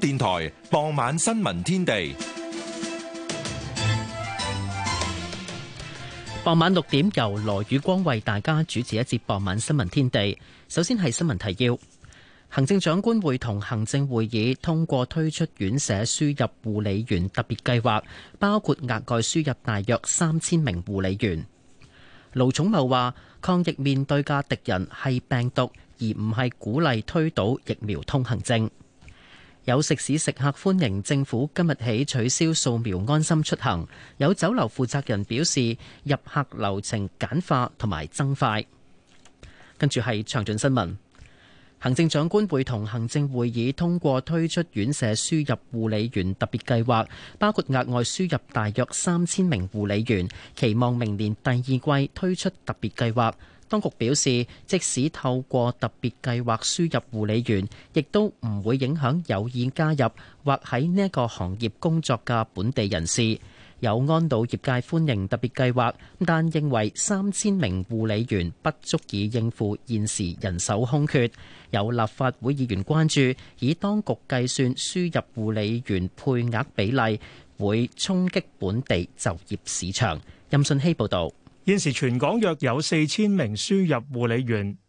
電台傍晚新聞天地，傍晚六點由羅宇光為大家主持一節傍晚新聞天地。首先係新聞提要：行政長官會同行政會議通過推出院舍輸入護理員特別計劃，包括額外輸入大約三千名護理員。盧寵茂話：抗疫面對嘅敵人係病毒，而唔係鼓勵推倒疫苗通行證。有食肆食客歡迎政府今日起取消掃瞄安心出行。有酒樓負責人表示，入客流程簡化同埋增快。跟住係詳盡新聞，行政長官會同行政會議通過推出院舍輸入護理員特別計劃，包括額外輸入大約三千名護理員，期望明年第二季推出特別計劃。當局表示，即使透過特別計劃輸入護理員，亦都唔會影響有意加入或喺呢個行業工作嘅本地人士。有安老業界歡迎特別計劃，但認為三千名護理員不足以應付現時人手空缺。有立法會議員關注，以當局計算輸入護理員配額比例，會衝擊本地就業市場。任信希報導。現時全港約有四千名輸入護理員。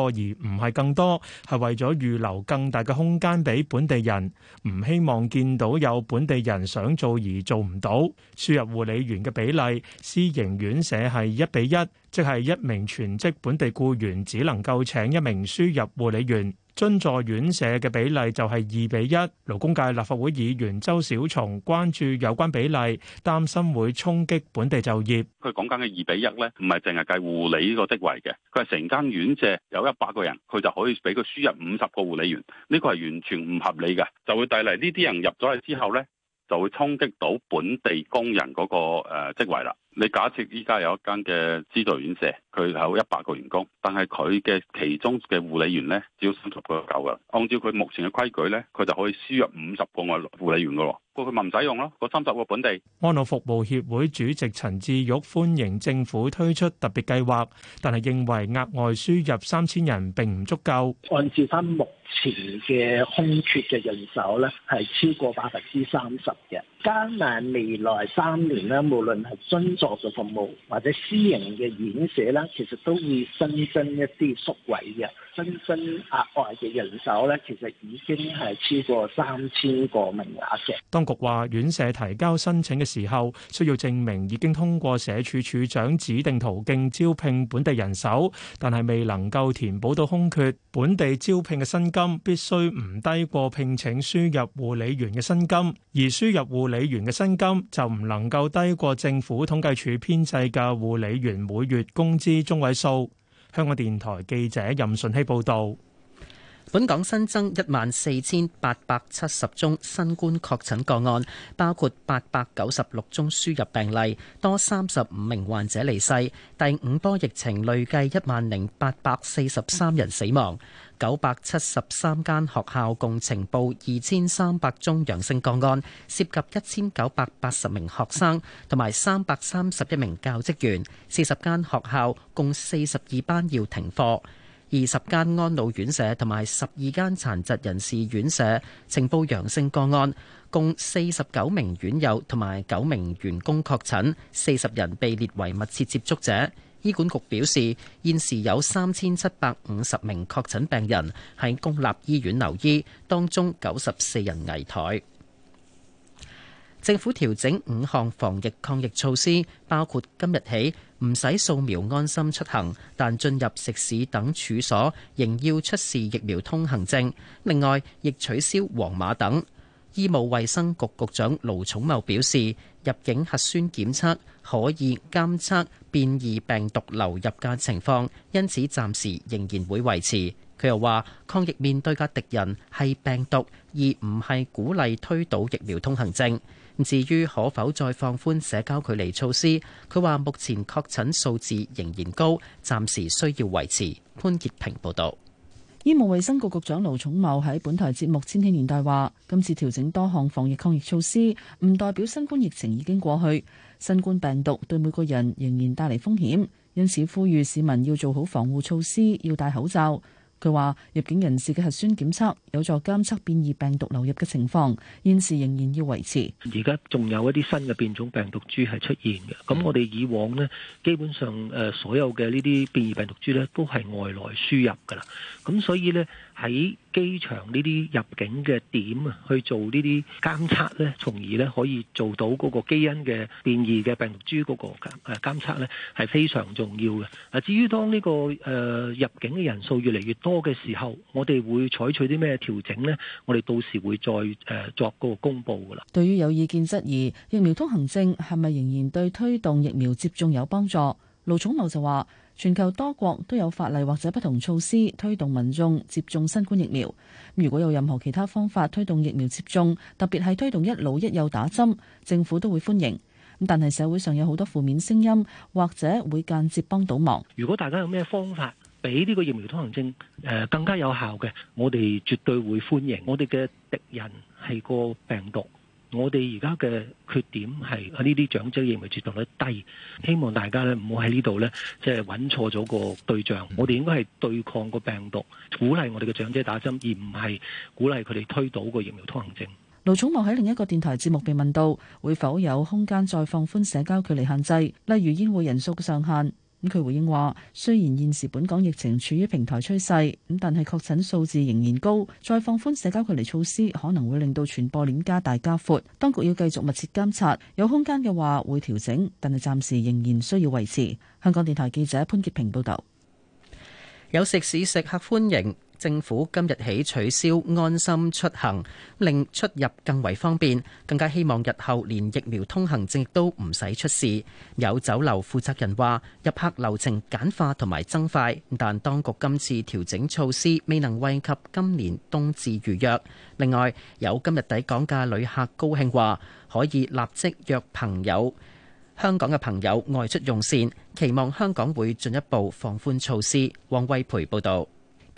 多而唔係更多，係為咗預留更大嘅空間俾本地人，唔希望見到有本地人想做而做唔到。輸入護理員嘅比例，私營院舍係一比一，即係一名全職本地僱員只能夠請一名輸入護理員。津助院舍嘅比例就係二比一，勞工界立法會議員周小松關注有關比例，擔心會衝擊本地就業。佢講緊嘅二比一呢，唔係淨係計護理個職位嘅，佢係成間院舍有一百個人，佢就可以俾佢輸入五十個護理員，呢個係完全唔合理嘅，就會帶嚟呢啲人入咗去之後呢，就會衝擊到本地工人嗰個誒職位啦。你假設而家有一間嘅資助院舍。佢有一百個員工，但係佢嘅其中嘅護理員呢，只要三十個就夠㗎。按照佢目前嘅規矩呢，佢就可以輸入五十個外護理員㗎喎。過佢咪唔使用咯？嗰三十個。本地安老服務協會主席陳志玉歡迎政府推出特別計劃，但係認為額外輸入三千人並唔足夠。按照翻目前嘅空缺嘅人手呢，係超過百分之三十嘅。加埋未來三年呢，無論係軍作嘅服務或者私營嘅院舍咧。其實都會新增一啲宿位嘅，新增額外嘅人手呢，其實已經係超過三千個名額嘅。當局話，院舍提交申請嘅時候，需要證明已經通過社署署長指定途徑招聘本地人手，但係未能夠填補到空缺。本地招聘嘅薪金必須唔低過聘請輸入護理員嘅薪金，而輸入護理員嘅薪金就唔能夠低過政府統計處編制嘅護理員每月工資中位數。香港電台記者任順熙報道，本港新增一萬四千八百七十宗新冠確診個案，包括八百九十六宗輸入病例，多三十五名患者離世。第五波疫情累計一萬零八百四十三人死亡。九百七十三間學校共呈報二千三百宗陽性個案，涉及一千九百八十名學生同埋三百三十一名教職員。四十間學校共四十二班要停課。二十間安老院舍同埋十二間殘疾人士院舍呈報陽性個案，共四十九名院友同埋九名員工確診，四十人被列為密切接觸者。醫管局表示，現時有三千七百五十名確診病人喺公立醫院留醫，當中九十四人危殆。政府調整五項防疫抗疫措施，包括今日起唔使掃描安心出行，但進入食肆等處所仍要出示疫苗通行證。另外，亦取消黃碼等。醫務衛生局局長盧寵茂表示，入境核酸檢測可以監測變異病毒流入嘅情況，因此暫時仍然會維持。佢又話，抗疫面對嘅敵人係病毒，而唔係鼓勵推倒疫苗通行證。至於可否再放寬社交距離措施，佢話目前確診數字仍然高，暫時需要維持。潘潔平報道。醫務衛生局局長盧寵茂喺本台節目《千禧年代》話：今次調整多項防疫抗疫措施，唔代表新冠疫情已經過去，新冠病毒對每個人仍然帶嚟風險，因此呼籲市民要做好防護措施，要戴口罩。佢話：入境人士嘅核酸檢測有助監測變異病毒流入嘅情況，現時仍然要維持。而家仲有一啲新嘅變種病毒株係出現嘅，咁我哋以往呢，基本上誒所有嘅呢啲變異病毒株咧都係外來輸入㗎啦，咁所以呢，喺機場呢啲入境嘅點啊，去做呢啲監測咧，從而咧可以做到嗰個基因嘅變異嘅病毒株嗰個誒監測咧，係非常重要嘅。嗱，至於當呢個誒入境嘅人數越嚟越多嘅時候，我哋會採取啲咩調整咧？我哋到時會再誒作個公佈噶啦。對於有意見質疑疫苗通行證係咪仍然對推動疫苗接種有幫助？盧寵茂就話。全球多國都有法例或者不同措施推動民眾接種新冠疫苗。如果有任何其他方法推動疫苗接種，特別係推動一老一幼打針，政府都會歡迎。但係社會上有好多負面聲音，或者會間接幫倒忙。如果大家有咩方法比呢個疫苗通行證更加有效嘅，我哋絕對會歡迎。我哋嘅敵人係個病毒。我哋而家嘅缺點係呢啲長者疫苗接種率低，希望大家咧唔好喺呢度咧，即係揾錯咗個對象。我哋應該係對抗個病毒，鼓勵我哋嘅長者打針，而唔係鼓勵佢哋推倒個疫苗通行證。盧寵茂喺另一個電台節目被問到，會否有空間再放寬社交距離限制，例如宴會人數嘅上限。咁佢回應話：雖然現時本港疫情處於平台趨勢，咁但係確診數字仍然高，再放寬社交距離措施可能會令到傳播鏈加大加闊。當局要繼續密切監察，有空間嘅話會調整，但係暫時仍然需要維持。香港電台記者潘潔平報道。有食肆食客歡迎。政府今日起取消安心出行，令出入更為方便。更加希望日後連疫苗通行證亦都唔使出示。有酒樓負責人話：入客流程簡化同埋增快，但當局今次調整措施未能惠及今年冬至預約。另外，有今日抵港嘅旅客高興話可以立即約朋友，香港嘅朋友外出用膳，期望香港會進一步放寬措施。王惠培報導。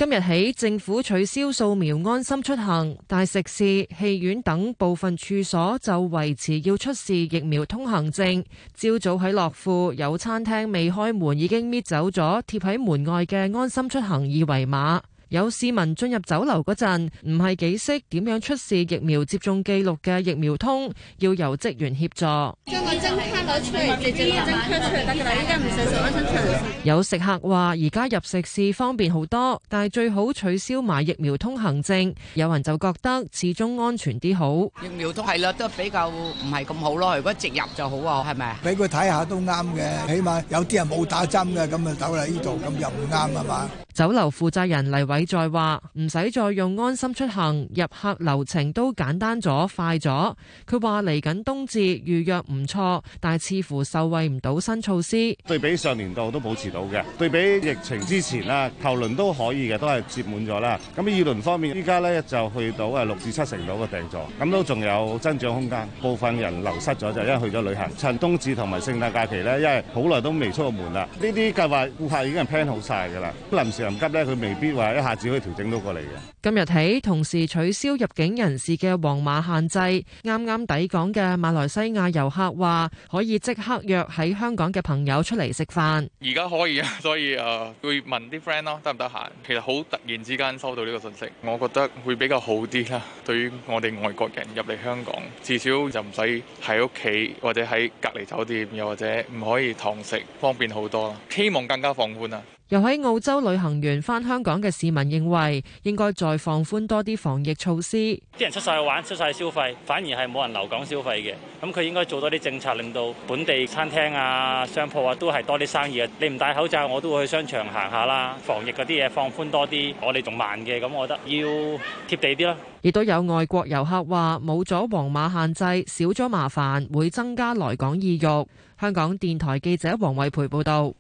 今日起，政府取消掃描安心出行，大食肆、戲院等部分處所就維持要出示疫苗通行證。朝早喺樂富有餐廳未開門，已經搣走咗貼喺門外嘅安心出行二維碼。有市民進入酒樓嗰陣，唔係幾識點樣出示疫苗接種記錄嘅疫苗通，要由職員協助。將個針係攤到出嚟，直接將針 cut 出嚟得㗎啦。依家唔使做嗰種長。有食客話：而家入食肆方便好多，但係最好取消買疫苗通行證。有人就覺得始終安全啲好。疫苗通係咯，都比較唔係咁好咯。如果直入就好喎，係咪啊？俾佢睇下都啱嘅，起碼有啲人冇打針嘅，咁就走嚟呢度，咁又唔啱係嘛？酒樓負責人黎偉。再話唔使再用安心出行入客流程都簡單咗快咗。佢話嚟緊冬至預約唔錯，但係似乎受惠唔到新措施。對比上年度都保持到嘅，對比疫情之前啦，頭輪都可以嘅，都係接滿咗啦。咁二輪方面，依家呢就去到誒六至七成度嘅訂座，咁都仲有增長空間。部分人流失咗就因為去咗旅行。趁冬至同埋聖誕假期呢，因為好耐都未出過門啦，呢啲計劃顧客已經係 plan 好晒噶啦。臨時臨急呢，佢未必話一只可以調整到過嚟嘅。今日起同時取消入境人士嘅黃碼限制，啱啱抵港嘅馬來西亞遊客話可以即刻約喺香港嘅朋友出嚟食飯。而家可以啊，所以誒會、呃、問啲 friend 咯，得唔得閒？其實好突然之間收到呢個信息，我覺得會比較好啲啦。對於我哋外國人入嚟香港，至少就唔使喺屋企或者喺隔離酒店，又或者唔可以堂食，方便好多啦。希望更加放寬啊！又喺澳洲旅行完返香港嘅市民認為應該再放寬多啲防疫措施。啲人出晒去玩，出晒消費反而係冇人留港消費嘅。咁佢應該做多啲政策，令到本地餐廳啊、商鋪啊都係多啲生意啊，你唔戴口罩，我都會去商場行下啦。防疫嗰啲嘢放寬多啲，我哋仲慢嘅，咁我覺得要貼地啲咯。亦都有外國遊客話冇咗黃碼限制，少咗麻煩會增加來港意欲。香港電台記者黃慧培報道。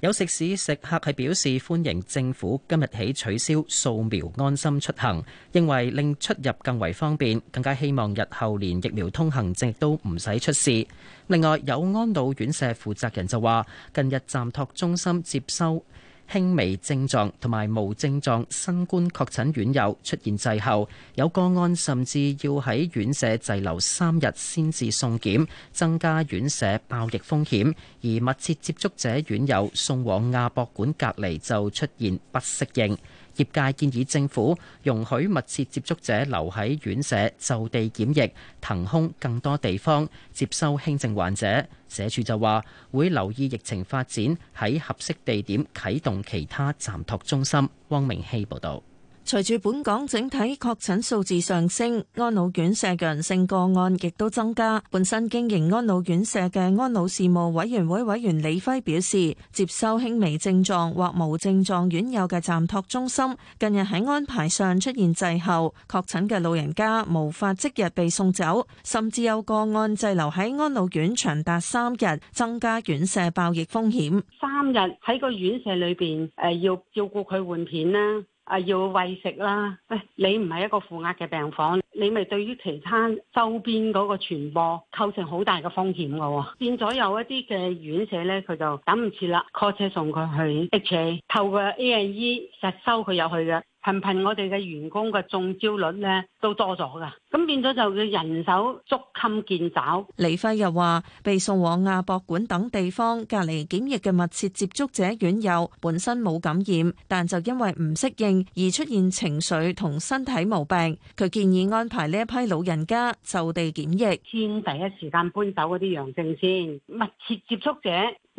有食肆食客係表示歡迎政府今日起取消掃描安心出行，認為令出入更為方便，更加希望日後連疫苗通行證都唔使出示。另外，有安老院舍負責人就話，近日暫托中心接收輕微症狀同埋無症狀新冠確診院友出現滯後，有個案甚至要喺院舍滯留三日先至送檢，增加院舍爆疫風險；而密切接觸者院友送往亞博館隔離就出現不適應。業界建議政府容許密切接觸者留喺院舍就地檢疫，騰空更多地方，接收輕症患者。社署就話會留意疫情發展，喺合適地點啟動其他暫托中心。汪明希報道。隨住本港整體確診數字上升，安老院舍陽性個案亦都增加。本身經營安老院舍嘅安老事務委員會委員李輝表示，接收輕微症狀或無症狀院友嘅暫託中心，近日喺安排上出現滯後，確診嘅老人家無法即日被送走，甚至有個案滯留喺安老院長達三日，增加院舍爆疫風險。三日喺個院舍裏邊誒、呃，要照顧佢換片啦。啊！要餵食啦，哎、你唔係一個負壓嘅病房，你咪對於其他周邊嗰個傳播構成好大嘅風險噶喎，變咗有一啲嘅院舍咧，佢就等唔切啦，call 車送佢去 HA，透過 A N E 實收佢入去嘅。頻頻我哋嘅員工嘅中招率呢都多咗㗎，咁變咗就叫人手捉襟見肘。李輝又話：被送往亞博館等地方隔離檢疫嘅密切接觸者，院友本身冇感染，但就因為唔適應而出現情緒同身體毛病。佢建議安排呢一批老人家就地檢疫，先第一時間搬走嗰啲陽性先密切接觸者。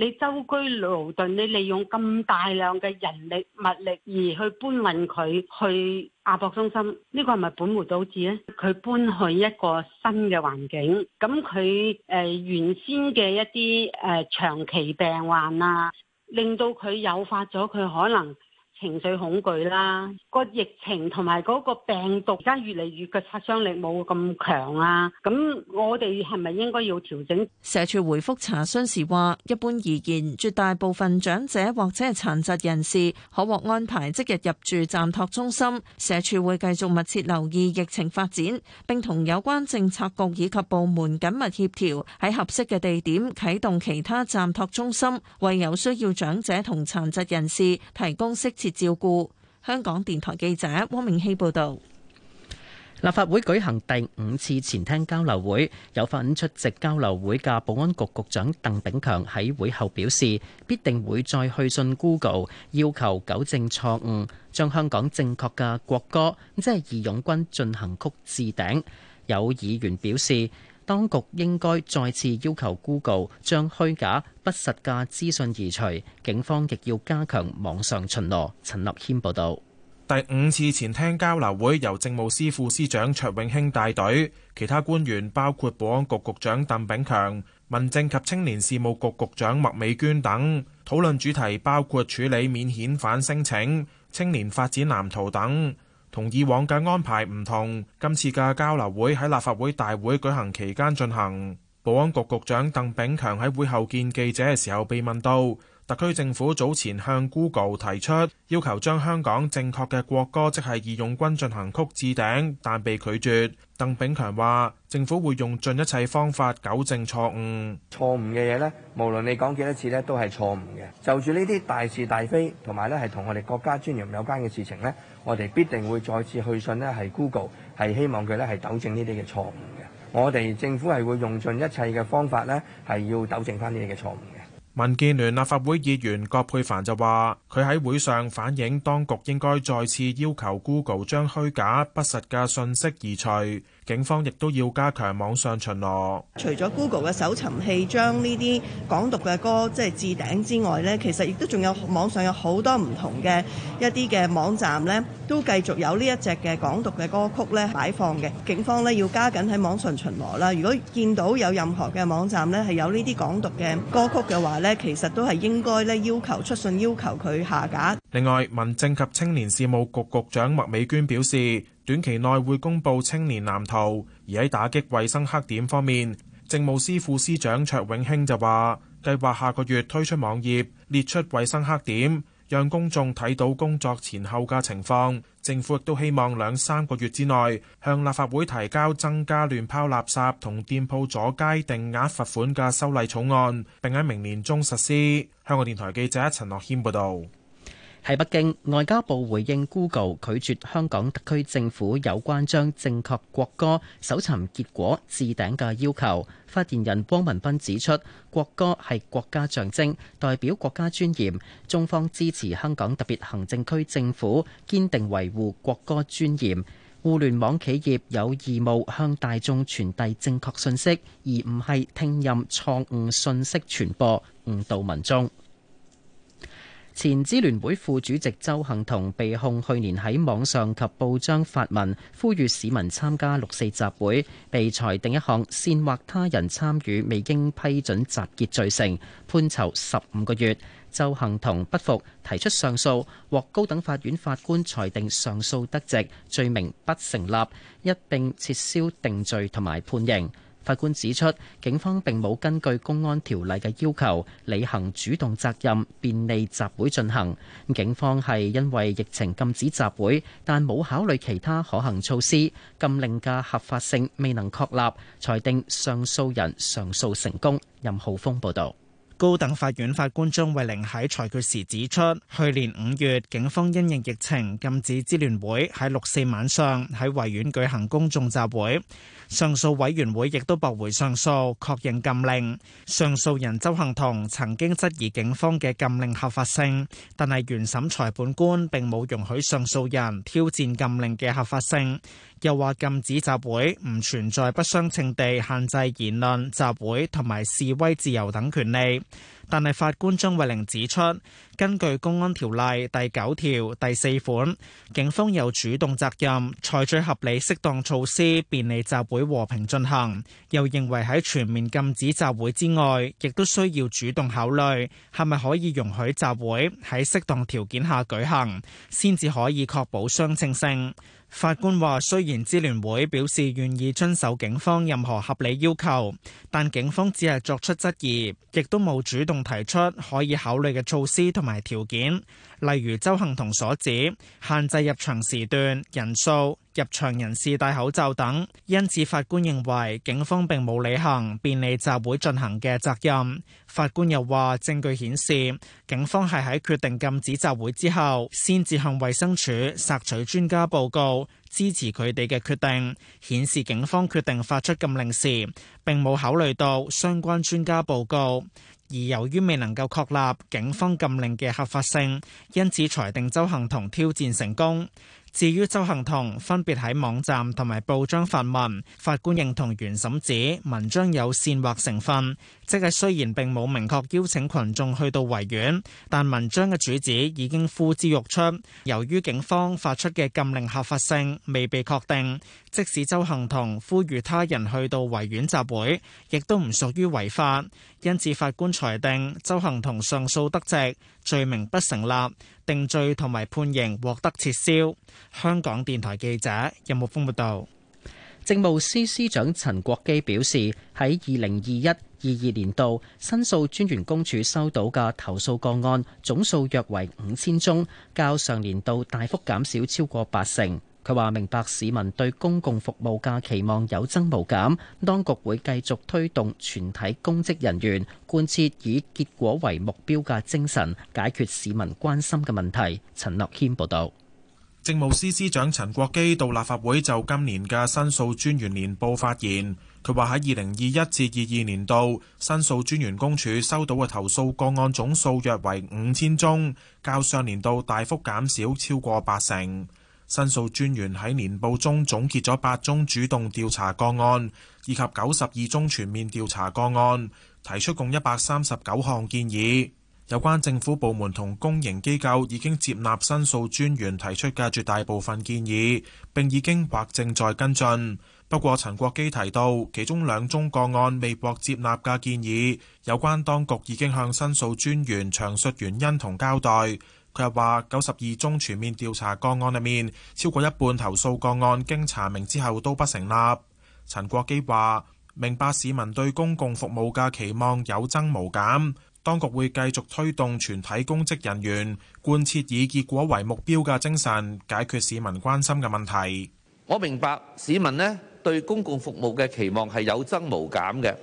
你舟車勞頓，你利用咁大量嘅人力物力而去搬運佢去亞博中心，是是呢個係咪本末倒置咧？佢搬去一個新嘅環境，咁佢誒原先嘅一啲誒長期病患啊，令到佢誘發咗佢可能。情緒恐懼啦，個疫情同埋嗰個病毒而家越嚟越嘅殺傷力冇咁強啊，咁我哋係咪應該要調整？社署回覆查詢時話，一般而言，絕大部分長者或者係殘疾人士可獲安排即日入住暫託中心。社署會繼續密切留意疫情發展，並同有關政策局以及部門緊密協調，喺合適嘅地點啟動其他暫託中心，為有需要長者同殘疾人士提供適切照顧香港電台記者汪明熙報道，立法會舉行第五次前廳交流會，有份出席交流會嘅保安局局長鄧炳強喺會後表示，必定會再去信 Google，要求糾正錯誤，將香港正確嘅國歌，即係義勇軍進行曲置頂。有議員表示。當局應該再次要求 Google 將虛假不實嘅資訊移除，警方亦要加強網上巡邏。陳立謙報導。第五次前廳交流會由政務司副司長卓永興帶隊，其他官員包括保安局局長鄧炳強、民政及青年事務局局，局長麥美娟等，討論主題包括處理免遣返申請、青年發展藍圖等。同以往嘅安排唔同，今次嘅交流會喺立法會大會舉行期間進行。保安局局長鄧炳強喺會後見記者嘅時候被問到，特區政府早前向 Google 提出要求，將香港正確嘅國歌，即係義勇軍進行曲置頂，但被拒絕。鄧炳強話，政府會用盡一切方法糾正錯誤。錯誤嘅嘢咧，無論你講幾多次咧，都係錯誤嘅。就住呢啲大是大非，同埋咧，係同我哋國家尊嚴有關嘅事情咧。我哋必定會再次去信呢，係 Google 係希望佢咧係糾正呢啲嘅錯誤嘅。我哋政府係會用盡一切嘅方法呢，係要糾正翻呢啲嘅錯誤嘅。民建聯立法會議員葛珮帆就話，佢喺會上反映，當局應該再次要求 Google 將虛假不實嘅信息移除。警方亦都要加強網上巡邏。除咗 Google 嘅搜尋器將呢啲港獨嘅歌即係置頂之外咧，其實亦都仲有網上有好多唔同嘅一啲嘅網站咧，都繼續有呢一隻嘅港獨嘅歌曲咧擺放嘅。警方咧要加緊喺網上巡邏啦。如果見到有任何嘅網站咧係有呢啲港獨嘅歌曲嘅話咧，其實都係應該咧要求出信要求佢下架。另外，民政及青年事務局局長麥美娟表示，短期內會公布青年藍圖，而喺打擊衛生黑點方面，政務司副司長卓永興就話，計劃下個月推出網頁，列出衛生黑點，讓公眾睇到工作前後嘅情況，政府亦都希望兩三個月之內向立法會提交增加亂拋垃圾同店鋪阻街定額罰款嘅修例草案，並喺明年中實施。香港電台記者陳樂謙報道。喺北京，外交部回應 Google 拒絕香港特區政府有關將正確國歌搜尋結果置頂嘅要求。發言人汪文斌指出，國歌係國家象徵，代表國家尊嚴，中方支持香港特別行政區政府堅定維護國歌尊嚴，互聯網企業有義務向大眾傳遞正確信息，而唔係聽任錯誤信息傳播，誤導民眾。前支聯會副主席周幸彤被控去年喺網上及報章發文呼籲市民參加六四集會，被裁定一項煽惑他人參與未經批准集結罪成，判囚十五個月。周幸彤不服提出上訴，獲高等法院法官裁定上訴得直，罪名不成立，一併撤銷定罪同埋判刑。法官指出，警方並冇根據公安條例嘅要求，履行主動責任，便利集會進行。警方係因為疫情禁止集會，但冇考慮其他可行措施，禁令嘅合法性未能確立，裁定上訴人上訴成功。任浩峰報導。高等法院法官張慧玲喺裁決時指出，去年五月警方因應疫情禁止支聯會喺六四晚上喺維園舉行公衆集會，上訴委員會亦都駁回上訴，確認禁令。上訴人周幸彤曾經質疑警方嘅禁令合法性，但係原審裁判官並冇容許上訴人挑戰禁令嘅合法性。又話禁止集會，唔存在不相稱地限制言論、集會同埋示威自由等權利。但係法官張慧玲指出，根據《公安條例》第九條第四款，警方有主動責任採取合理適當措施，便利集會和平進行。又認為喺全面禁止集會之外，亦都需要主動考慮係咪可以容許集會喺適當條件下舉行，先至可以確保相稱性。法官話：雖然支聯會表示願意遵守警方任何合理要求，但警方只係作出質疑，亦都冇主動提出可以考慮嘅措施同埋條件，例如鄒幸彤所指限制入場時段、人數。入場人士戴口罩等，因此法官認為警方並冇履行便利集會進行嘅責任。法官又話，證據顯示警方係喺決定禁止集會之後，先至向衛生署索取專家報告，支持佢哋嘅決定，顯示警方決定發出禁令時並冇考慮到相關專家報告。而由於未能夠確立警方禁令嘅合法性，因此裁定鄒幸彤挑戰成功。至於鄒幸彤分別喺網站同埋報章發文，法官認同原審指文章有煽惑成分，即係雖然並冇明確邀請群眾去到維園，但文章嘅主旨已經呼之欲出。由於警方發出嘅禁令合法性未被確定，即使鄒幸彤呼籲他人去到維園集會，亦都唔屬於違法。因此法官裁定鄒幸彤上訴得直。罪名不成立，定罪同埋判刑獲得撤銷。香港電台記者任木峰報道。有有政務司司長陳國基表示，喺二零二一二二年度，申訴專員公署收到嘅投訴個案總數約為五千宗，較上年度大幅減少超過八成。佢話：明白市民對公共服務嘅期望有增無減，當局會繼續推動全體公職人員貫徹以結果為目標嘅精神，解決市民關心嘅問題。陳樂軒報導。政務司司長陳國基到立法會就今年嘅申訴專員年報發言。佢話，喺二零二一至二二年度，申訴專員公署收到嘅投訴個案總數約為五千宗，較上年度大幅減少超過八成。申訴專員喺年報中總結咗八宗主動調查個案，以及九十二宗全面調查個案，提出共一百三十九項建議。有關政府部門同公營機構已經接納申訴專員提出嘅絕大部分建議，並已經或正在跟進。不過，陳國基提到，其中兩宗個案未獲接納嘅建議，有關當局已經向申訴專員詳述原因同交代。佢話：九十二宗全面調查個案裏面，超過一半投訴個案經查明之後都不成立。陳國基話：明白市民對公共服務嘅期望有增無減，當局會繼續推動全體公職人員貫徹以結果為目標嘅精神，解決市民關心嘅問題。我明白市民呢對公共服務嘅期望係有增無減嘅，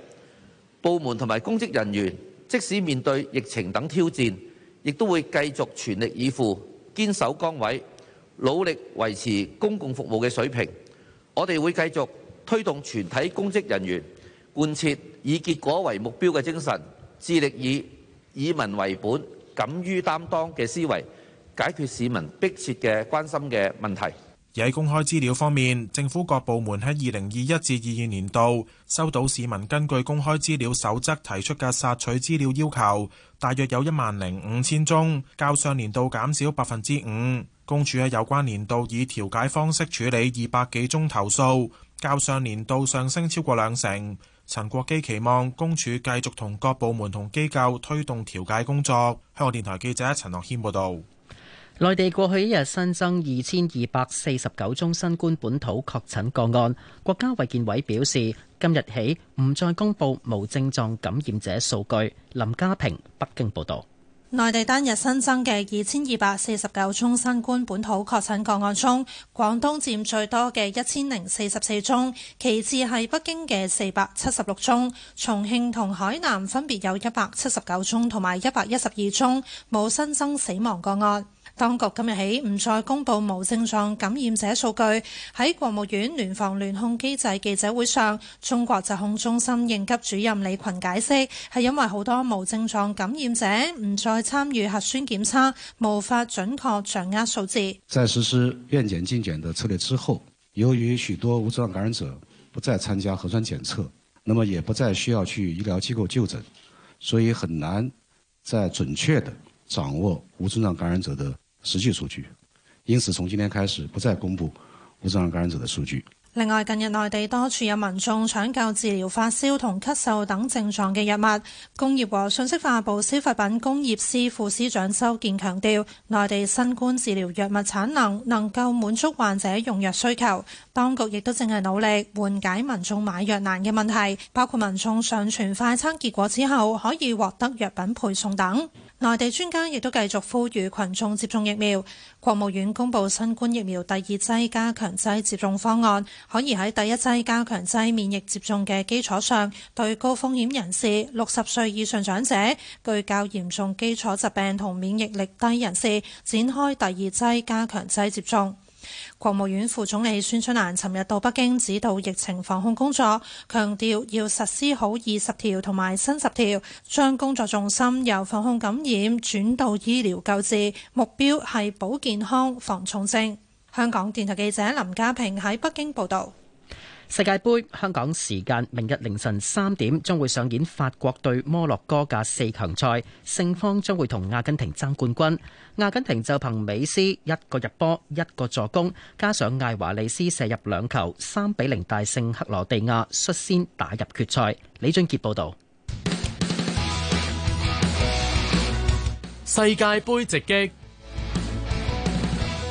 部門同埋公職人員即使面對疫情等挑戰，亦都會繼續全力以赴，堅守崗位，努力維持公共服務嘅水平。我哋會繼續推動全體公職人員貫徹以結果為目標嘅精神，致力以以民為本、敢於擔當嘅思維，解決市民迫切嘅關心嘅問題。而喺公開資料方面，政府各部門喺二零二一至二二年度收到市民根據公開資料守則提出嘅索取資料要求，大約有一萬零五千宗，較上年度減少百分之五。公署喺有關年度以調解方式處理二百幾宗投訴，較上年度上升超過兩成。陳國基期望公署繼續同各部門同機構推動調解工作。香港電台記者陳樂軒報導。內地過去一日新增二千二百四十九宗新冠本土確診個案。國家衛健委表示，今日起唔再公布無症狀感染者數據。林家平，北京報道。內地單日新增嘅二千二百四十九宗新冠本土確診個案中，廣東佔最多嘅一千零四十四宗，其次係北京嘅四百七十六宗，重慶同海南分別有一百七十九宗同埋一百一十二宗，冇新增死亡個案。當局今日起唔再公布無症狀感染者數據。喺國務院聯防聯控機制記者會上，中國疾控中心應急主任李群解釋，係因為好多無症狀感染者唔再參與核酸檢測，無法準確掌握數字。在實施願檢盡檢嘅策略之後，由於許多無症狀感染者不再參加核酸檢測，那麼也不再需要去醫療機構就診，所以很難再準確地掌握無症狀感染者的實際數據，因此從今天開始不再公布無症狀感染者嘅數據。另外，近日內地多處有民眾搶購治療發燒同咳嗽等症狀嘅藥物。工業和信息化部消費品工業司副司長周健強調，內地新冠治療藥物產能能夠滿足患者用藥需求。當局亦都正係努力緩解民眾買藥難嘅問題，包括民眾上傳快測結果之後可以獲得藥品配送等。內地專家亦都繼續呼籲群眾接種疫苗。國務院公布新冠疫苗第二劑加強劑接種方案，可以喺第一劑加強劑免疫接種嘅基礎上，對高風險人士、六十歲以上長者、具較嚴重基礎疾病同免疫力低人士，展開第二劑加強劑接種。國務院副總理孫春蘭尋日到北京指導疫情防控工作，強調要實施好二十條同埋新十條，將工作重心由防控感染轉到醫療救治，目標係保健康、防重症。香港電台記者林家平喺北京報道。世界盃，香港時間明日凌晨三點將會上演法國對摩洛哥嘅四強賽，勝方將會同阿根廷爭冠軍。阿根廷就憑美斯一個入波，一個助攻，加上艾華利斯射入兩球，三比零大勝克羅地亞，率先打入決賽。李俊傑報道。世界盃直擊。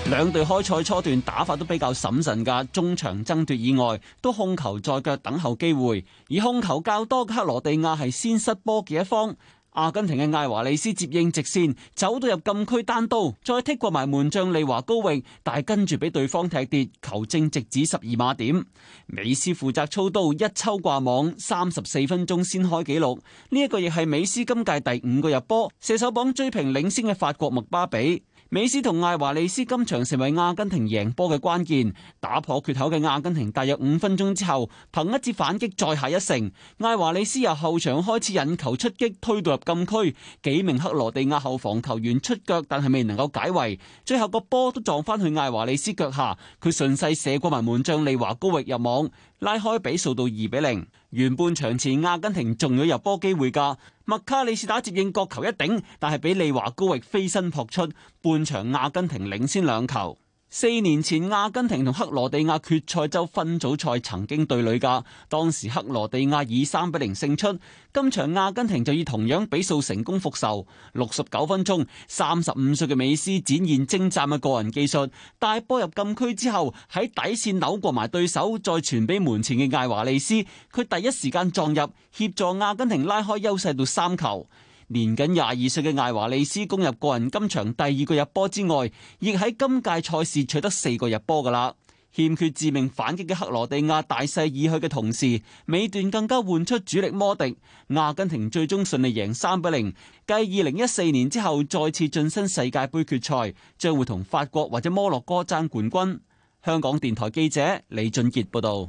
兩隊開賽初段打法都比較審慎，噶中場爭奪以外，都控球在腳等候機會。而控球較多嘅克羅地亞係先失波嘅一方。阿根廷嘅艾華利斯接應直線走到入禁區單刀，再踢過埋門將利華高域，但係跟住俾對方踢跌，球證直指十二碼點。美斯負責操刀一抽掛網，三十四分鐘先開紀錄。呢、這、一個亦係美斯今屆第五個入波，射手榜追平領先嘅法國麥巴比。美斯同艾華利斯今場成為阿根廷贏波嘅關鍵，打破缺口嘅阿根廷大約五分鐘之後，憑一次反擊再下一城。艾華利斯由後場開始引球出擊，推到入禁區，幾名克羅地亞後防球員出腳，但係未能夠解圍，最後個波都撞返去艾華利斯腳下，佢順勢射過埋門將利華高域入網，拉開比數到二比零。完半場前，阿根廷仲有入波機會㗎，麥卡利斯打接應角球一頂，但係俾利華高域飛身撲出，半場阿根廷領先兩球。四年前，阿根廷同克羅地亞決賽周分組賽曾經對壘㗎，當時克羅地亞以三比零勝出。今場阿根廷就以同樣比數成功復仇。六十九分鐘，三十五歲嘅美斯展現精湛嘅個人技術，帶波入禁區之後喺底線扭過埋對手，再傳俾門前嘅艾華利斯，佢第一時間撞入，協助阿根廷拉開優勢到三球。年僅廿二歲嘅艾華利斯攻入個人今場第二個入波之外，亦喺今屆賽事取得四個入波㗎喇。欠缺致命反擊嘅克羅地亞大勢已去嘅同時，尾段更加換出主力摩迪，阿根廷最終順利贏三比零，繼二零一四年之後再次晉身世界盃決賽，將會同法國或者摩洛哥爭冠軍。香港電台記者李俊傑報道。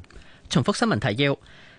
重複新聞提要。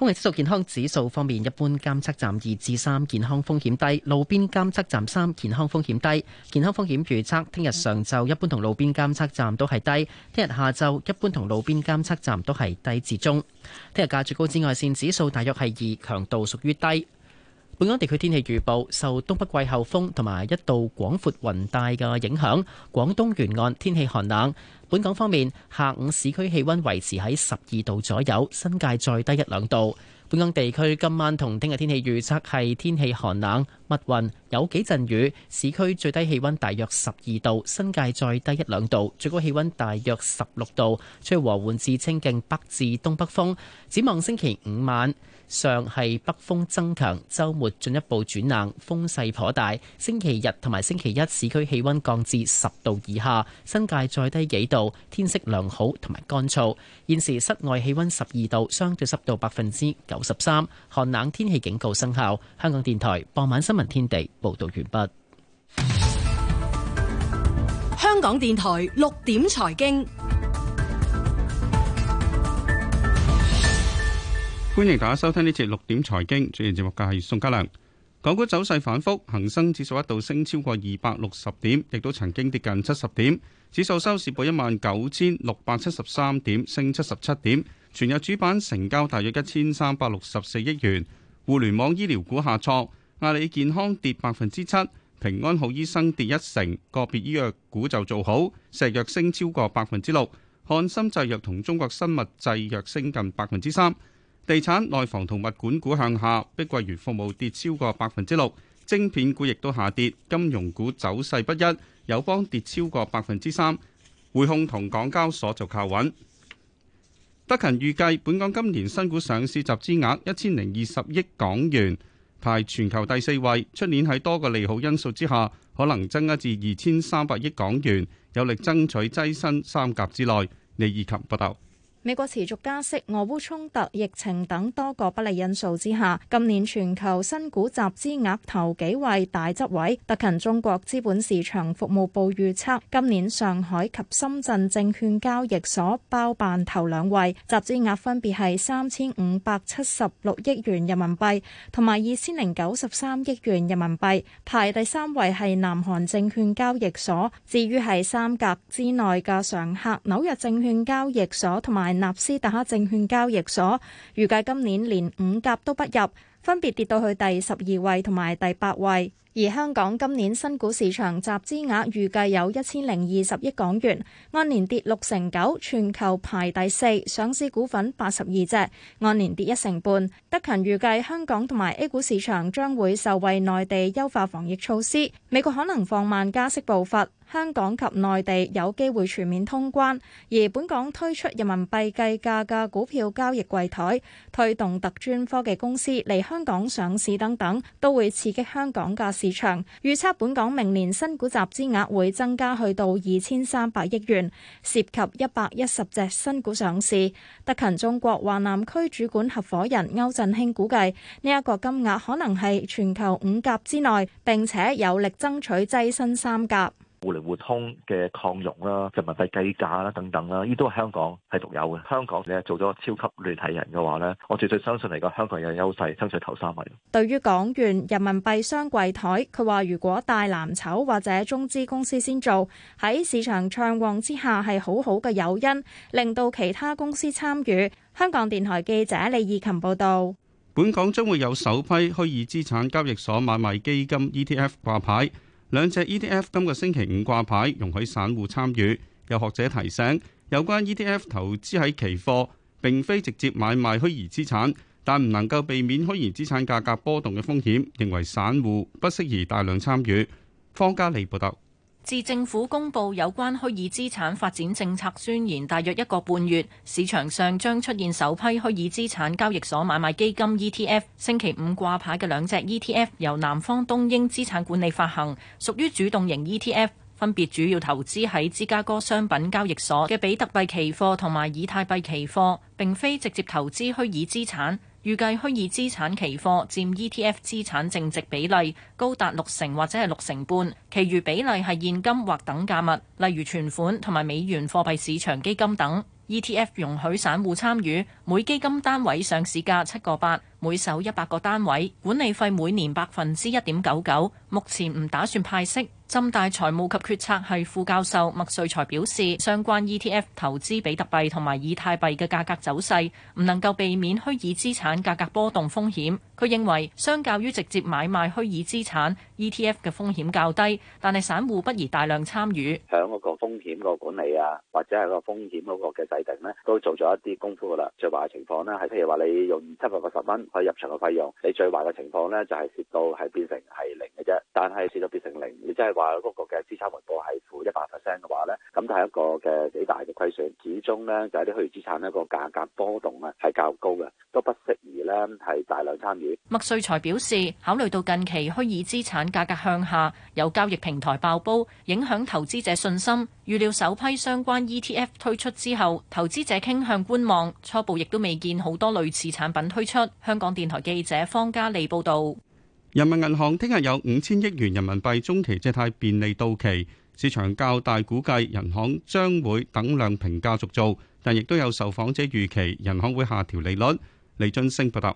空氣指數健康指數方面，一般監測站二至三，健康風險低；路邊監測站三，健康風險低。健康風險預測，聽日上晝一般同路邊監測站都係低；聽日下晝一般同路邊監測站都係低至中。聽日嘅最高紫外線指數大約係二，強度屬於低。本港地區天氣預報，受東北季候風同埋一道廣闊雲帶嘅影響，廣東沿岸天氣寒冷。本港方面，下午市區氣温維持喺十二度左右，新界再低一兩度。本港地區今晚同聽日天氣預測係天氣寒冷、密雲，有幾陣雨。市區最低氣温大約十二度，新界再低一兩度。最高氣温大約十六度，吹和緩至清勁北至東北風。展望星期五晚上係北風增強，週末進一步轉冷，風勢頗大。星期日同埋星期一市區氣温降至十度以下，新界再低幾度，天色良好同埋乾燥。現時室外氣温十二度，相對濕度百分之九五十三寒冷天氣警告生效。香港電台傍晚新聞天地報道完畢。香港電台六點財經，歡迎大家收聽呢節六點財經。主持節目嘅係宋家良。港股走勢反覆，恒生指數一度升超過二百六十點，亦都曾經跌近七十點。指數收市報一萬九千六百七十三點，升七十七點。全日主板成交大約一千三百六十四億元，互聯網醫療股下挫，阿里健康跌百分之七，平安好醫生跌一成，個別醫藥股就做好，石藥升超過百分之六，漢森製藥同中國生物製藥升近百分之三，地產內房同物管股向下，碧桂園服務跌超過百分之六，晶片股亦都下跌，金融股走勢不一，友邦跌超過百分之三，匯控同港交所就靠穩。德勤預計，本港今年新股上市集資額一千零二十億港元，排全球第四位。出年喺多個利好因素之下，可能增加至二千三百億港元，有力爭取躋身三甲之內。李以勤報道。美國持續加息、俄烏衝突、疫情等多個不利因素之下，今年全球新股集資額頭幾位大執位。德勤中國資本市場服務部預測，今年上海及深圳證券交易所包辦頭兩位，集資額分別係三千五百七十六億元人民幣同埋二千零九十三億元人民幣。排第三位係南韓證券交易所。至於係三甲之內嘅常客紐約證券交易所同埋納斯達克證券交易所，預計今年連五甲都不入，分別跌到去第十二位同埋第八位。而香港今年新股市場集資額預計有一千零二十億港元，按年跌六成九，全球排第四，上市股份八十二隻，按年跌一成半。德勤預計香港同埋 A 股市場將會受惠內地優化防疫措施，美國可能放慢加息步伐，香港及內地有機會全面通關，而本港推出人民幣計價嘅股票交易櫃台，推動特專科技公司嚟香港上市等等，都會刺激香港嘅市。預測本港明年新股集資額會增加去到二千三百億元，涉及一百一十隻新股上市。德勤中國華南區主管合夥人歐振興估計，呢、這、一個金額可能係全球五甲之內，並且有力爭取躋身三甲。互聯互通嘅擴容啦，人民幣計價啦，等等啦，呢都係香港係獨有嘅。香港咧做咗超級聯繫人嘅話呢，我絕對相信嚟講，香港有優勢，爭取頭三位。對於港元人民幣雙櫃台，佢話如果大藍籌或者中資公司先做，喺市場暢旺之下係好好嘅誘因，令到其他公司參與。香港電台記者李義琴報道。本港將會有首批虛擬資產交易所買賣基金 ETF 掛牌。兩隻 ETF 今個星期五掛牌，容許散戶參與。有學者提醒，有關 ETF 投資喺期貨，並非直接買賣虛擬資產，但唔能夠避免虛擬資產價格波動嘅風險，認為散戶不適宜大量參與。方家利報道。自政府公布有關虛擬資產發展政策宣言大約一個半月，市場上將出現首批虛擬資產交易所買賣基金 ETF。星期五掛牌嘅兩隻 ETF 由南方東英資產管理發行，屬於主動型 ETF，分別主要投資喺芝加哥商品交易所嘅比特幣期貨同埋以太幣期貨，並非直接投資虛擬資產。預計虛擬資產期貨佔 ETF 資產淨值比例高達六成或者係六成半，其餘比例係現金或等價物，例如存款同埋美元貨幣市場基金等。ETF 容許散戶參與，每基金單位上市價七個八，每手一百個單位，管理費每年百分之一點九九，目前唔打算派息。浸大財務及決策系副教授麥瑞才表示，相關 ETF 投資比特幣同埋以太幣嘅價格走勢，唔能夠避免虛擬資產價格波動風險。佢認為，相較於直接買賣虛擬資產，ETF 嘅風險較低，但係散戶不宜大量參與。喺嗰個風險個管理啊，或者係個風險嗰個嘅制定咧，都做咗一啲功夫噶啦。最壞情況咧，係譬如話你用七百八十蚊去入場嘅費用，你最壞嘅情況咧就係蝕到係變成係零嘅啫。但係蝕到變成零，亦即係話嗰個嘅資產回報係負一百 percent 嘅話咧。咁都係一個嘅幾大嘅虧損，始終呢，就係啲虛擬資產呢個價格波動呢係較高嘅，都不適宜呢係大量參與。麥瑞才表示，考慮到近期虛擬資產價格向下，有交易平台爆煲，影響投資者信心，預料首批相關 ETF 推出之後，投資者傾向觀望，初步亦都未見好多類似產品推出。香港電台記者方嘉利報導。人民銀行聽日有五千億元人民幣中期借貸便利到期。市場較大估計，人行將會等量評價續做，但亦都有受訪者預期人行會下調利率。李津升報道，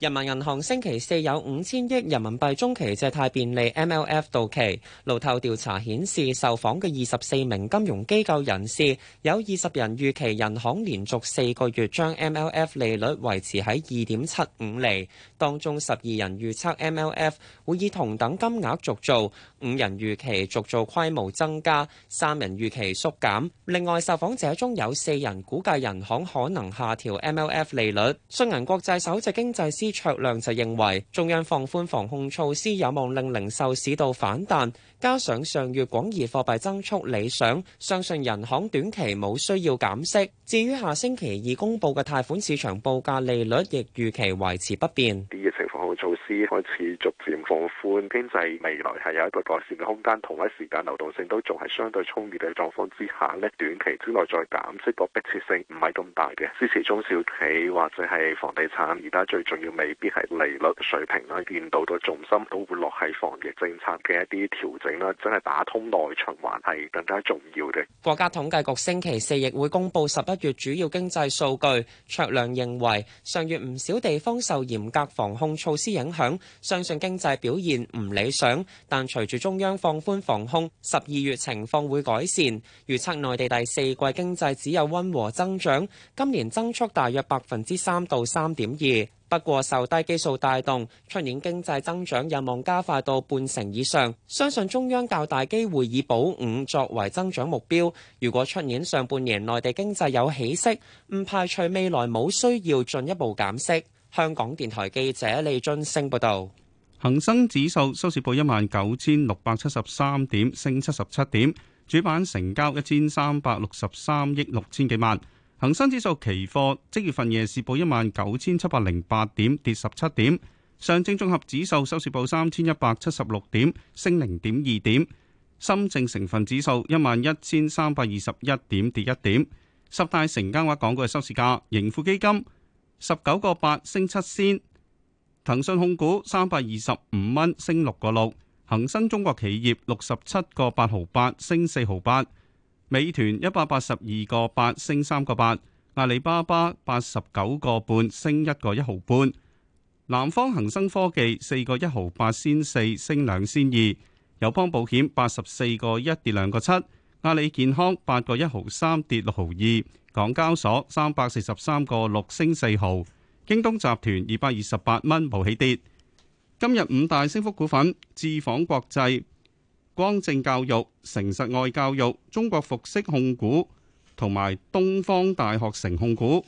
人民銀行星期四有五千億人民幣中期借貸便利 （MLF） 到期。路透調查顯示，受訪嘅二十四名金融機構人士，有二十人預期人行連續四個月將 MLF 利率維持喺二點七五釐，當中十二人預測 MLF 會以同等金額續做。五人預期續做規模增加，三人預期縮減。另外，受訪者中有四人估計人行可能下調 MLF 利率。信銀國際首席經濟師卓亮就認為，中央放寬防控措施有望令零售市道反彈。加上上月廣義貨幣增速理想，相信人行短期冇需要減息。至於下星期二公布嘅貸款市場報價利率，亦預期維持不變。啲嘅情況措施開始逐漸放寬，經濟未來係有一個改善嘅空間，同一時間流動性都仲係相對充裕嘅狀況之下，咧短期之內再減息個迫切性唔係咁大嘅。支持中小企或者係房地產，而家最重要未必係利率水平啦，見到嘅重心都會落喺防疫政策嘅一啲調整。啦，真係打通內循環係更加重要嘅。國家統計局星期四亦會公布十一月主要經濟數據。卓亮認為，上月唔少地方受嚴格防控措施影響，相信經濟表現唔理想。但隨住中央放寬防控，十二月情況會改善。預測內地第四季經濟只有溫和增長，今年增速大約百分之三到三點二。不過，受低基數帶動，出年經濟增長有望加快到半成以上。相信中央較大機會以保五作為增長目標。如果出年上半年內地經濟有起色，唔排除未來冇需要進一步減息。香港電台記者李俊升報道：「恒生指數收市報一萬九千六百七十三點，升七十七點。主板成交一千三百六十三億六千幾萬。恒生指數期貨即月份夜市報一萬九千七百零八點，跌十七點。上證綜合指數收市報三千一百七十六點，升零點二點。深證成分指數一萬一千三百二十一點，跌一點。十大成交額港股嘅收市價：盈富基金十九個八升七仙，騰訊控股三百二十五蚊升六個六，恒生中國企業六十七個八毫八升四毫八。美團一百八十二個八升三個八，阿里巴巴八十九個半升一個一毫半，南方恒生科技四個一毫八先四升兩先二，友邦保險八十四個一跌兩個七，阿里健康八個一毫三跌六毫二，港交所三百四十三個六升四毫，京東集團二百二十八蚊冇起跌。今日五大升幅股份：智房國際。光正教育、成實外教育、中國服飾控股同埋東方大學城控股。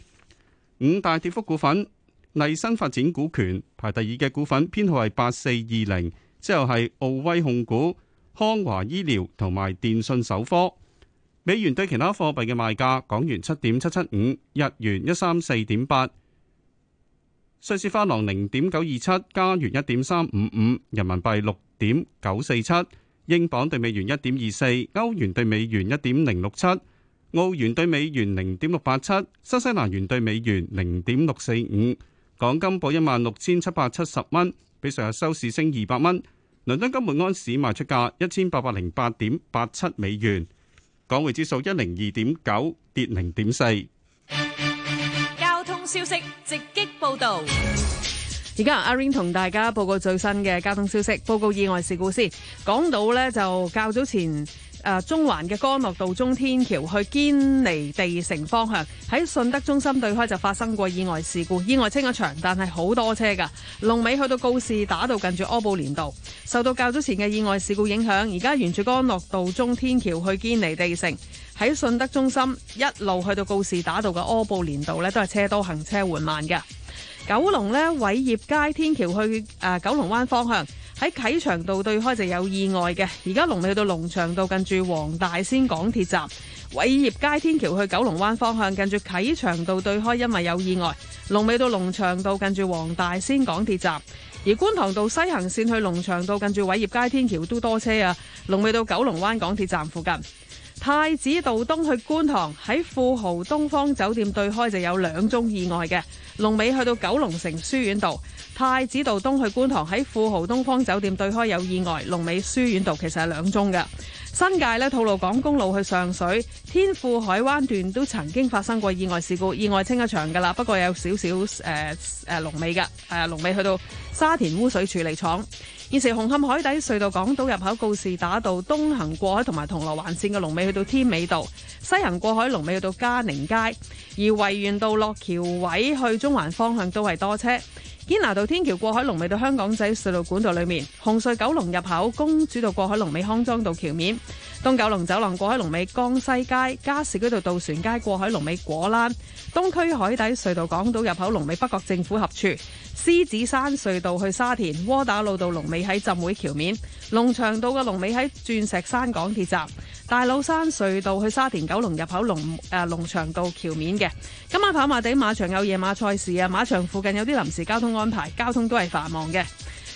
五大跌幅股份，麗新發展股權排第二嘅股份編號為八四二零，之後係奧威控股、康華醫療同埋電訊首科。美元對其他貨幣嘅賣價：港元七點七七五，日元一三四點八，瑞士法郎零點九二七，加元一點三五五，人民幣六點九四七。英鎊兌美元一點二四，歐元兌美元一點零六七，澳元兌美元零點六八七，新西蘭元兌美元零點六四五。港金報一萬六千七百七十蚊，比上日收市升二百蚊。倫敦金每安士賣出價一千八百零八點八七美元。港匯指數一零二點九，跌零點四。交通消息直擊報道。而家阿 Rain 同大家報告最新嘅交通消息，報告意外事故先。講到呢就較早前誒、呃，中環嘅干諾道中天橋去堅尼地城方向，喺順德中心對開就發生過意外事故。意外清咗場，但係好多車噶。龍尾去到告士打道近住柯布連道，受到較早前嘅意外事故影響，而家沿住干諾道中天橋去堅尼地城，喺順德中心一路去到告士打道嘅柯布連道呢，都係車多行，行車緩慢嘅。九龍咧偉業街天橋去誒、呃、九龍灣方向喺啟祥道對開就有意外嘅。而家龍尾去到龍翔道近住黃大仙港鐵站，偉業街天橋去九龍灣方向近住啟祥道對開，因為有意外，龍尾到龍翔道近住黃大仙港鐵站。而觀塘道西行線去龍翔道近住偉業街天橋都多車啊，龍尾到九龍灣港鐵站附近。太子道東去觀塘喺富豪東方酒店對開就有兩宗意外嘅。龍尾去到九龍城書院道，太子道東去觀塘，喺富豪東方酒店對開有意外，龍尾書院道，其實係兩宗㗎。新界呢，吐露港公路去上水天富海灣段都曾經發生過意外事故，意外清一場噶啦。不過有少少誒誒龍尾嘅誒龍尾去到沙田污水處理廠。現時紅磡海底隧道港島入口告士打道東行過海同埋銅鑼環線嘅龍尾去到天美道，西行過海龍尾去到嘉寧街。而維園道落橋位去中環方向都係多車。堅拿道天橋過海龍尾到香港仔隧道管道裏面，紅隧九龍入口公主道過海龍尾康莊道橋面，東九龍走廊過海龍尾江西街加士居道渡船街過海龍尾果欄，東區海底隧道港島入口龍尾北角政府合處，獅子山隧道去沙田窩打老道龍尾喺浸會橋面，龍翔道嘅龍尾喺鑽石山港鐵站。大老山隧道去沙田九龍入口龍誒龍翔道橋面嘅。今晚跑馬地馬場有夜馬賽事啊！馬場附近有啲臨時交通安排，交通都係繁忙嘅。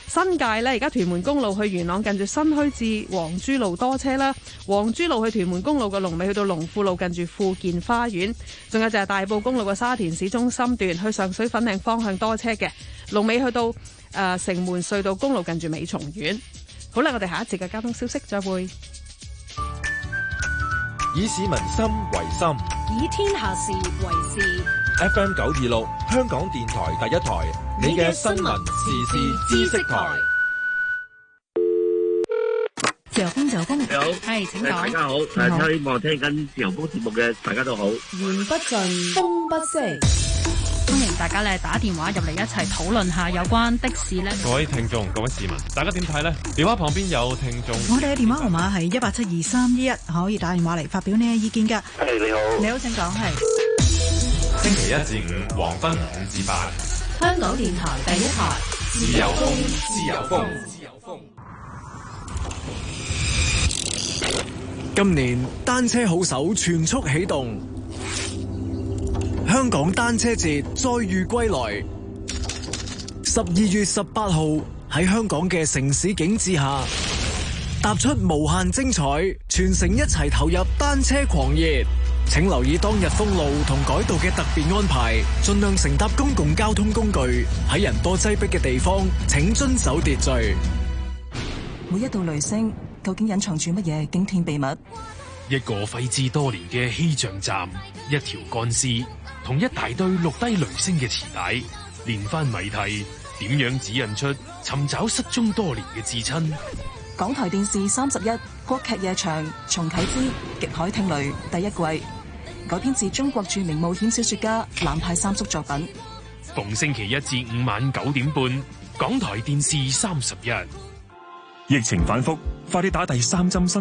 新界呢，而家屯門公路去元朗近住新墟至黃珠路多車啦，黃珠路去屯門公路嘅龍尾去到龍富路近住富健花園，仲有就係大埔公路嘅沙田市中心段去上水粉嶺方向多車嘅，龍尾去到誒、呃、城門隧道公路近住美松苑。好啦，我哋下一節嘅交通消息再會。以市民心為心，以天下事為事。FM 九二六，香港電台第一台，你嘅新聞時事知識台。自由風，自由風，係大家好，希望聽緊自由風節目嘅大家都好。言不盡，風不息。大家咧打電話入嚟一齊討論下有關的士咧。各位聽眾、各位市民，大家點睇咧？電話旁邊有聽眾。 我哋嘅電話號碼係一八七二三一一，可以打電話嚟發表你嘅意見噶。係你好，你好，請講。係星期一至五黃昏五至八，香港電台第一台，自由風，自由風，自由風。今年單車好手全速起動。香港單車節再遇歸來，十二月十八號喺香港嘅城市景致下，踏出無限精彩，全城一齊投入單車狂熱。請留意當日封路同改道嘅特別安排，盡量乘搭公共交通工具。喺人多擠逼嘅地方，請遵守秩序。每一道雷聲，究竟隱藏住乜嘢驚天秘密？一個廢置多年嘅氣象站，一條乾屍。同一大堆錄低雷聲嘅磁帶，連番謎題，點樣指引出尋找失蹤多年嘅至親？港台電視三十一國劇夜場重啟之極海聽雷第一季，改編自中國著名冒險小說家南派三叔作品。逢星期一至五晚九點半，港台電視三十一。疫情反復，快啲打第三針！